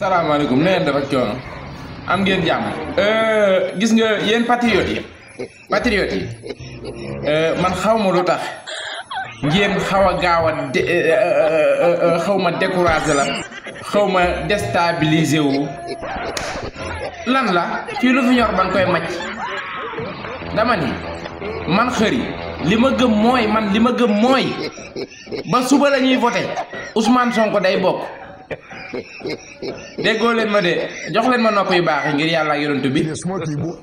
salaamaaleykum na ngeen def ak coono am ngeen jàmm euh, gis nga yéen patriotes yi patriotes yi euh, man xaw ma lu tax ngeen xaw a gaaw a euh, xaw ma découragé la xaw ma déstabilisé wu lan la fii lu fi ñor ban koy màcc dama ni man xëri li ma gëm mooy man li ma gëm mooy ba suba la ñuy voté Ousmane Sonko day bokk. déggoo leen ma de jox leen ma nopp yu baax ngir yàlla ak yonent bi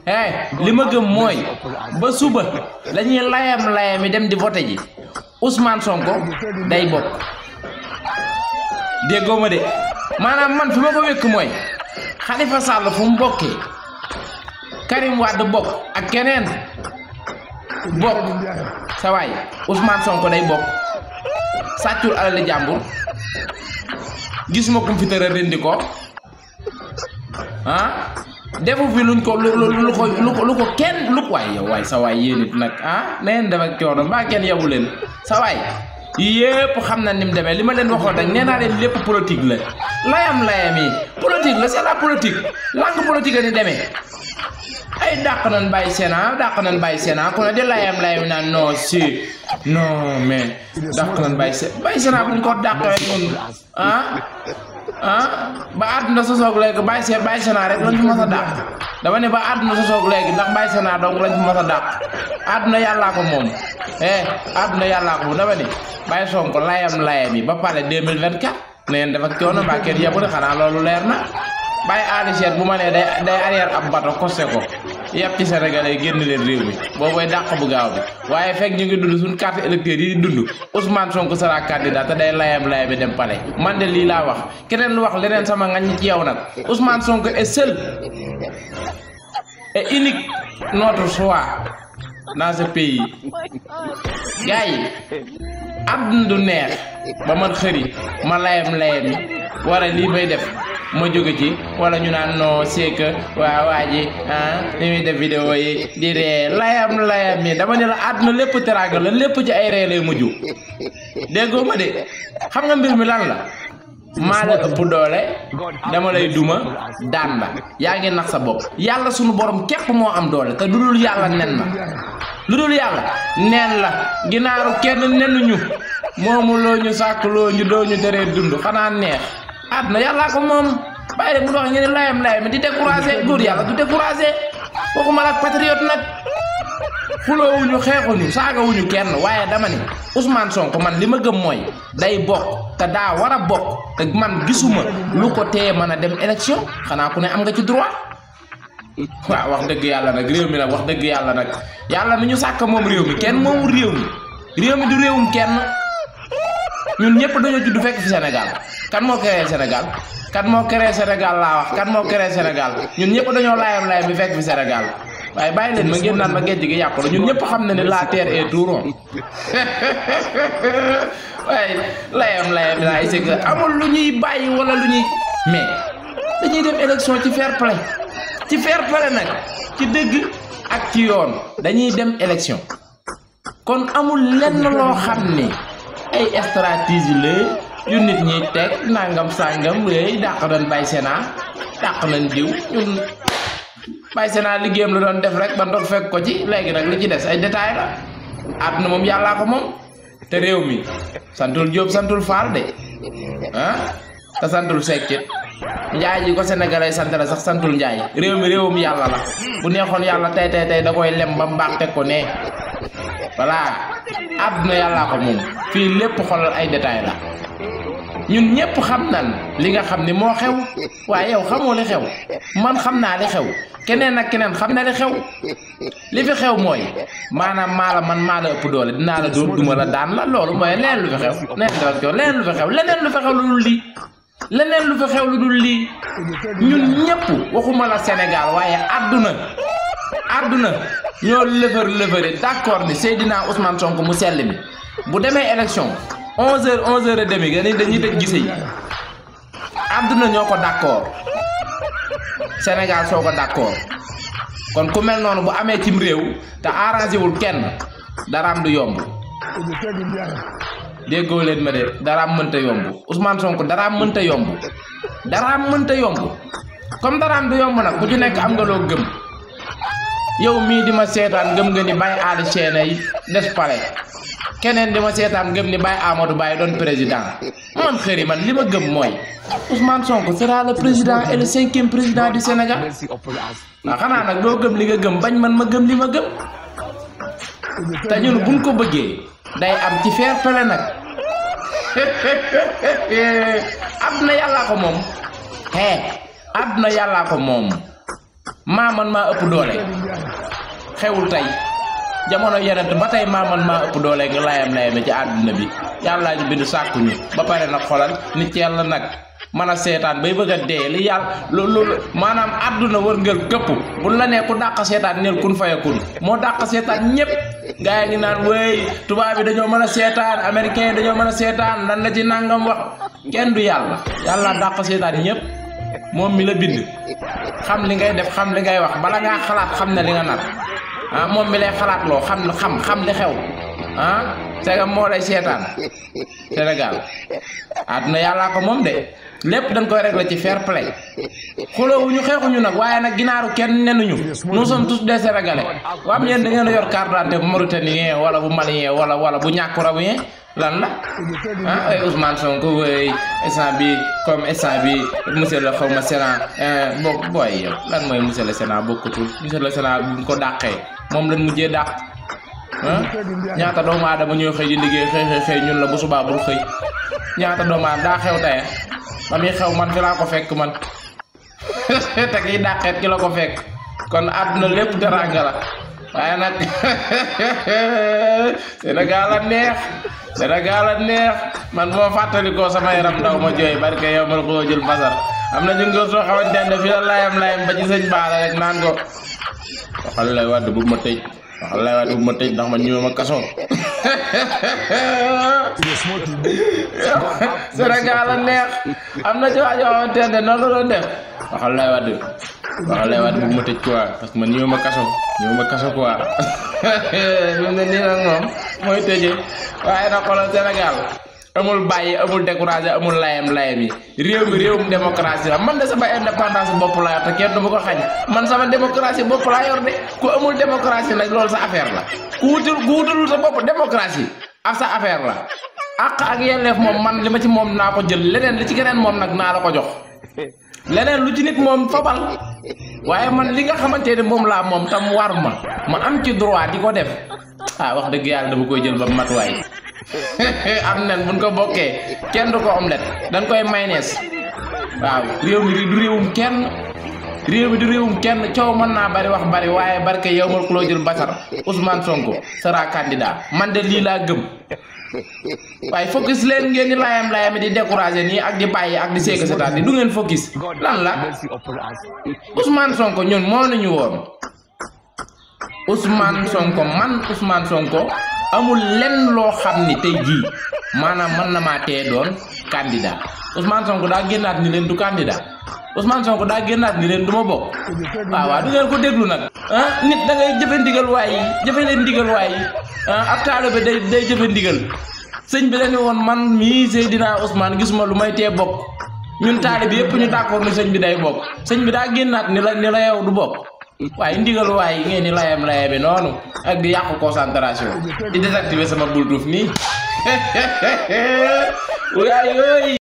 eh, li gëm mooy ba suba la layam layam dem di vote ji Ousmane Sonko day bokk déggoo ma de maanaam man fi ma ko wékk mooy Khalifa Sall fu mu bokkee Karim Wade bokk ak keneen bokk sa waay Ousmane Sonko day bokk alali Jambour gisuma kum fi tere rendi ko ah defu fi luñ ko lu lu ko lu ko kenn lu ko waay yow waay sa waay yéen nag ah na leen def ak coono mbaa kenn yabu leen sa waay yépp xam na ni mu demee li ma leen waxoon rek nee naa leen lépp politique la layam layam yi politique la c'est la politique langue politique la ni demee. Ayy daknen baysenan, daknen baysenan, konye de layem layem nan no si. No men, daknen baysenan, baysenan konye kot daknen yon. Ha? Ha? Ba adnè sou sou gulèk, baysenan, baysenan, reklonj mwazan dak. Davani ba adnè sou sou gulèk, dak baysenan, donklonj mwazan dak. Adnè yalak mwom. Hey, adnè yalak mwom, davani. Bayson kon layem layem, ba pale 2024. Nè yon defektyon, ba kèd yabou, de khanan loulou lèr nan. Ha? bay Aada ah, Cheikh bu ma ya? day day arrière iya, am bato costé ko yàpp ci Sénégalais génné génn réew bi boobu mooy dàq bu gaaw bi wayé fekk ñu ngi dund suñ carte électeur yi dund Ousmane Sonko sera candidat té day layam layam bi dem palais man dé li la wax kenen lu wax lénen sama ngañ ci yow nak Ousmane Sonko est eh, seul et unique notre choix dans ce pays gay yi neex ba man xëri ma layam layam yi war a def mo keji, ci wala ñu naan wah c'est que ah ni muy def vidéo yi di ré layam layam mi dama ne la àdduna lepp teraanga la lepp ci ay ré lay muju déggoo ma de xam nga mbir mi lan la maa la ëpp doole dama lay duma daan la yaa nax sa bop yalla suñu borom képp mo am doole te dudul yalla yàlla nen na lu dul la ginaaru kenn nenuñu ñu sàkk loo ñu ñu déré dund xana neex adna ah, yalla ko mom bàyyi leen bu dox ngeen layam lay mi di décourager góor yalla du décourager découragé waxuma la ak patriote nag xuloowuñu xeexuñu saagawuñu kenn waye dama ni Ousmane Sonko man lima ma gëm mooy day bok ta da wara bok te man gisuma lu ko tee mën dem élection xana ku ne am nga ci droit wa wax deug yalla nak rew mi la wax deug yalla nak yalla mi ñu sakk mom rew mi kenn moomu rew mi rew mi du rewum kenn ñun ñëpp dañoo judd fekk fi Sénégal kan moo créé Sénégal kan moo créé Sénégal laa wax kan moo créé Sénégal ñun ñëpp dañoo laayam laayam bi fekk fi Sénégal waaye bàyyi leen ma ngeen naan ma géej gi yàqu la ñun ñëpp xam na ne la terre est tout rond waaye layam layam laay c'est que amul lu ñuy bàyyi wala lu ñuy mais dañuy dem élection ci fair play ci fair play nag ci dëgg ak ci yoon dañuy dem élection kon amul lenn loo xam ni ay stratégie la yu nit ñi teg nangam sàngam léegi dàq nañ Baye Sena dàq nañ diw ñun Baye Sena liggéeyam la doon def rek ba ndox fekk ko ci léegi nag li ci des ay détails la na moom yàllaa ko moom te réew mi santul Diop santul Fall de ah te santul Seck njaay ji ko sénégalais sant la sax santul njaay réew mi réewum yàlla la bu neexoon yàlla tey tey tey da koy lem ba mbaax teg ko ne voilà àdduna yàllaa ko moom fii lépp xolal ay détail la ñun ñëpp xam nan li nga xam ni moo xew waaye yow xamoo li xew man xam naa li xew keneen ak keneen xam na li xew li fi xew mooy maanaam maa la man maa la ëpp doole dinaa la doon duma la daan la loolu mooy leneen lu fi xew neen def ak leneen lu fi xew leneen lu fi xew dul lii leneen lu fi xew lu dul lii ñun ñëpp waxuma la Sénégal waaye àdduna àdduna ñoo lëfër lëfëri d'accord ni Seydina Ousmane mu sell bu demee élection onze heures onze heures et demi nga ni dañuy tëj gise ñoo ko d'accord Sénégal soo ko d'accord kon ku mel noonu bu amee cim réew te arrangé wul kenn daraam du yomb déggoo leen ma de daraam mënta yomb Ousmane daraam mënta yomb daraam mënta yomb comme daraam du yomb nag ku ci nekk am nga loo gëm yow mii di ma seetaan gëm nga ni Baye Aly Sène yi des pare keneen di ma seetaan gëm ni Baye Amadou Baye doon président man yi man li ma gëm mooy Ousmane Sonko sera le président et le cinquième président du Sénégal waaw ah, xanaa nag doo gëm li nga gëm bañ man ma gëm li ma gëm te ñun buñ ko bëggee day am ci fair play nag àdduna yàllaa ko moom hee àdduna yàllaa ko moom maa man maa ëpp doole xewul tey jamono yenent ba tey maa man maa ëpp doole nga layam layame ci àdduna bi yàllaa ñu bind sàkku ba pare na xolal nit ci yàlla nag man a seetaan bay bëgg a dee li yàlla loolu maanaam àdduna war ngel këpp bu la nee ku dàq seetaan neel kun fayakun moo dàq seetaan ñépp gaa yi ngi naan wéy tubaab yi dañoo mën a seetaan américain dañoo mën a seetaan lan la ci nangam wax kenn du yàlla yàlla dàq seetaan ñépp moom mi la bind xam li ngay def xam li ngay wax bala ngaa xalaat xam ne li nga nar a ah, moom mi lay xalaat loo xam xam xam li xew ah segam moo lay seetaan Sénégal àdduna yàllaa ko moom de lépp dañ koy régler ci fair play ñu xeexuñu nag waaye nag ginaaru kenn nenuñu nous sommes tous des sénégalais waam yéen da ngeen a yor carte d'identité bu mauritanien wala bu malien wala wala bu ñàkku rabien lan la ah ay Ousmane Sonko wéy instant bi comme instant bi monsieur le xaw ma Sénat bo eh, booy yow lan mooy monsieur le Sénat bokkatul monsieur le Sénat bu ko dàqee moom lañ mujjee dàq ñaata doomu aadama ñooy xëy di liggéey xëy xëy xëy ñun la bu subaa bul xëy ñaata doomu aadama daa xew tey ba muy xew man fi laa ko fekk man te kii dàqeet ki la ko fekk kon àdduna lépp teranga la waaye nag Sénégal a neex Sénégal a neex man boo fàttalikoo sama yaram ndaw ma jooy barke yow ma ko jël basar am na ñu ngi soo xamante ne fi la layam layam ba ci sëñ baala rek naan ko waxal lay wàdd bu ma tëj waaw lay waay bu ma tëj ndax ma ñëw ma kaso Sénégal a am na ci waa joo xamante ne noonu def waxal lay lay waat bu ma tëj quoi parce que man ñëw ma kaso ñëw ma kaso quoi ñu ne nii nag mooy tëjee waaye nag xoolal Sénégal amul bayi, amul décourager amul layam layam yi rew mi réewum démocratie la man da sama indépendance bop la yor te kenn du ko xagn man sama démocratie bop la yor de ku amul démocratie nak lol sa affaire la ku wutul ku sa bop démocratie ak ah, sa affaire la ak ak yelef mom man lima ci mom nako jël leneen li ci mom nak ko jox leneen lu ci nit mom fobal waye eh, man li nga xamante mom la mom tam warma ma am ci droit diko def ah wax deug yalla dama koy jël ba am nen buñ ko bokkee kenn du ko omelette dañ koy mayonnaise waaw réew mi du réewum kenn réew mi du réewum kenn ciow man na bari wax bari waye barke yow mal kuloo jël basar Ousmane Sonko sera candidat man de li la gëm waaye focus leen ngeen di layam layam di décourager ni ak di baye ak di seega setaan di du ngeen focus lan la Ousmane Sonko ñun mo nañu woon Ousmane Sonko man Ousmane Sonko amul lenn loo xam ni tey jii maanaam man na maa tee doon candidat Ousmane Sonko daa génnaat ni leen du candidat Ousmane Sonko daa génnaat ni leen du ma bokk waaw waaw du ngeen ko déglu nag ah nit dangay ngay jëfe ndigal waay jëfe leen ndigal waay yi ah ab taalibe day day jëfe ndigal sëñ bi dañu woon man mii usmaan Ousmane gisuma lu may tee bokk ñun bi yëpp ñu d'accord ni sëñ bi day bokk sëñ bi daa génnaat ni la ni du bokk waaye ndigal waay yi ngeen di layam layame noonu ak di yàqu concentration di désactiver sama bultuuf nii waay yooyu